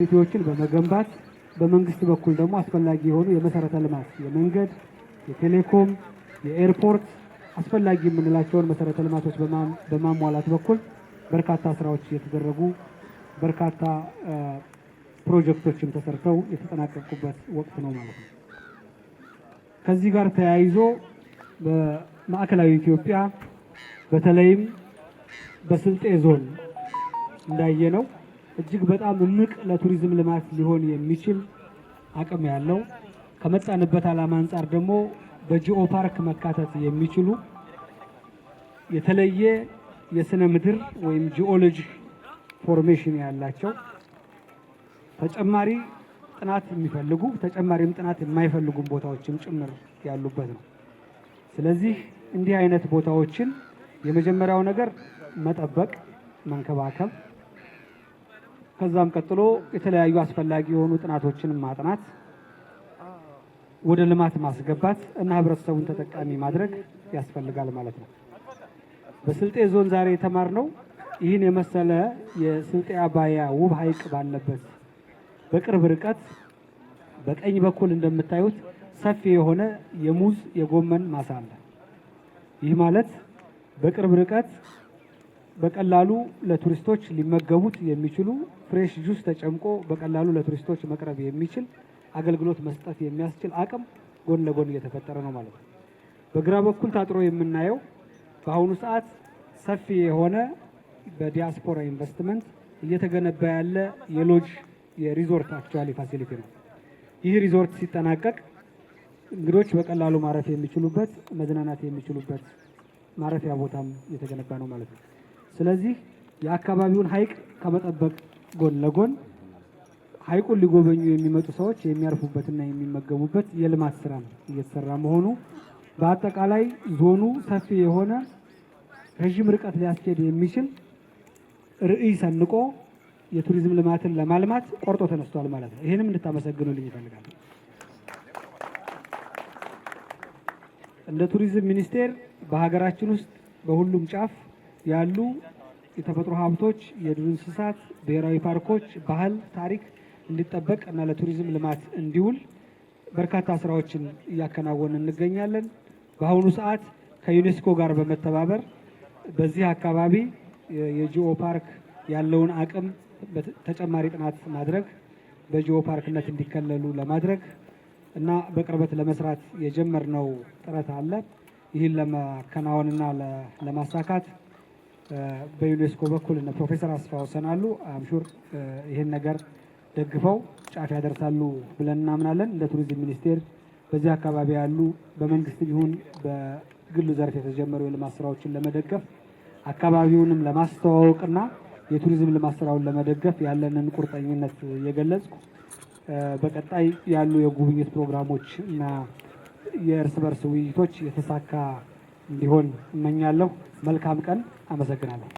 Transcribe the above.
ኮሚኒቲዎችን በመገንባት በመንግስት በኩል ደግሞ አስፈላጊ የሆኑ የመሰረተ ልማት የመንገድ፣ የቴሌኮም፣ የኤርፖርት አስፈላጊ የምንላቸውን መሰረተ ልማቶች በማሟላት በኩል በርካታ ስራዎች እየተደረጉ በርካታ ፕሮጀክቶችም ተሰርተው የተጠናቀቁበት ወቅት ነው ማለት ነው። ከዚህ ጋር ተያይዞ በማዕከላዊ ኢትዮጵያ በተለይም በስልጤ ዞን እንዳየነው እጅግ በጣም እምቅ ለቱሪዝም ልማት ሊሆን የሚችል አቅም ያለው ከመጣንበት ዓላማ አንጻር ደግሞ በጂኦ ፓርክ መካተት የሚችሉ የተለየ የስነ ምድር ወይም ጂኦሎጂ ፎርሜሽን ያላቸው ተጨማሪ ጥናት የሚፈልጉ ተጨማሪም ጥናት የማይፈልጉም ቦታዎችም ጭምር ያሉበት ነው። ስለዚህ እንዲህ አይነት ቦታዎችን የመጀመሪያው ነገር መጠበቅ፣ መንከባከብ ከዛም ቀጥሎ የተለያዩ አስፈላጊ የሆኑ ጥናቶችን ማጥናት፣ ወደ ልማት ማስገባት እና ህብረተሰቡን ተጠቃሚ ማድረግ ያስፈልጋል ማለት ነው። በስልጤ ዞን ዛሬ የተማርነው ይህን የመሰለ የስልጤ አባያ ውብ ሐይቅ ባለበት በቅርብ ርቀት በቀኝ በኩል እንደምታዩት ሰፊ የሆነ የሙዝ የጎመን ማሳ አለ። ይህ ማለት በቅርብ ርቀት በቀላሉ ለቱሪስቶች ሊመገቡት የሚችሉ ፍሬሽ ጁስ ተጨምቆ በቀላሉ ለቱሪስቶች መቅረብ የሚችል አገልግሎት መስጠት የሚያስችል አቅም ጎን ለጎን እየተፈጠረ ነው ማለት ነው። በግራ በኩል ታጥሮ የምናየው በአሁኑ ሰዓት ሰፊ የሆነ በዲያስፖራ ኢንቨስትመንት እየተገነባ ያለ የሎጅ የሪዞርት አክቹዋሊ ፋሲሊቲ ነው። ይህ ሪዞርት ሲጠናቀቅ እንግዶች በቀላሉ ማረፍ የሚችሉበት መዝናናት የሚችሉበት ማረፊያ ቦታም እየተገነባ ነው ማለት ነው። ስለዚህ የአካባቢውን ሀይቅ ከመጠበቅ ጎን ለጎን ሀይቁን ሊጎበኙ የሚመጡ ሰዎች የሚያርፉበትና የሚመገቡበት የልማት ስራ እየተሰራ መሆኑ በአጠቃላይ ዞኑ ሰፊ የሆነ ረዥም ርቀት ሊያስኬድ የሚችል ርዕይ ሰንቆ የቱሪዝም ልማትን ለማልማት ቆርጦ ተነስቷል ማለት ነው። ይህንም እንድታመሰግኑልኝ ይፈልጋል። እንደ ቱሪዝም ሚኒስቴር በሀገራችን ውስጥ በሁሉም ጫፍ ያሉ የተፈጥሮ ሀብቶች፣ የዱር እንስሳት፣ ብሔራዊ ፓርኮች፣ ባህል፣ ታሪክ እንዲጠበቅ እና ለቱሪዝም ልማት እንዲውል በርካታ ስራዎችን እያከናወን እንገኛለን። በአሁኑ ሰዓት ከዩኔስኮ ጋር በመተባበር በዚህ አካባቢ የጂኦ ፓርክ ያለውን አቅም ተጨማሪ ጥናት ማድረግ በጂኦ ፓርክነት እንዲከለሉ ለማድረግ እና በቅርበት ለመስራት የጀመርነው ጥረት አለ። ይህን ለማከናወንና ለማሳካት በዩኔስኮ በኩል እነ ፕሮፌሰር አስፋ ወሰን አምሹር ይህን ነገር ደግፈው ጫፍ ያደርሳሉ ብለን እናምናለን። እንደ ቱሪዝም ሚኒስቴር በዚህ አካባቢ ያሉ በመንግስት ይሁን በግሉ ዘርፍ የተጀመሩ የልማት ስራዎችን ለመደገፍ አካባቢውንም ለማስተዋወቅና የቱሪዝም ልማት ስራውን ለመደገፍ ያለንን ቁርጠኝነት የገለጽኩ በቀጣይ ያሉ የጉብኝት ፕሮግራሞች እና የእርስ በርስ ውይይቶች የተሳካ እንዲሆን እመኛለሁ። መልካም ቀን። አመሰግናለሁ።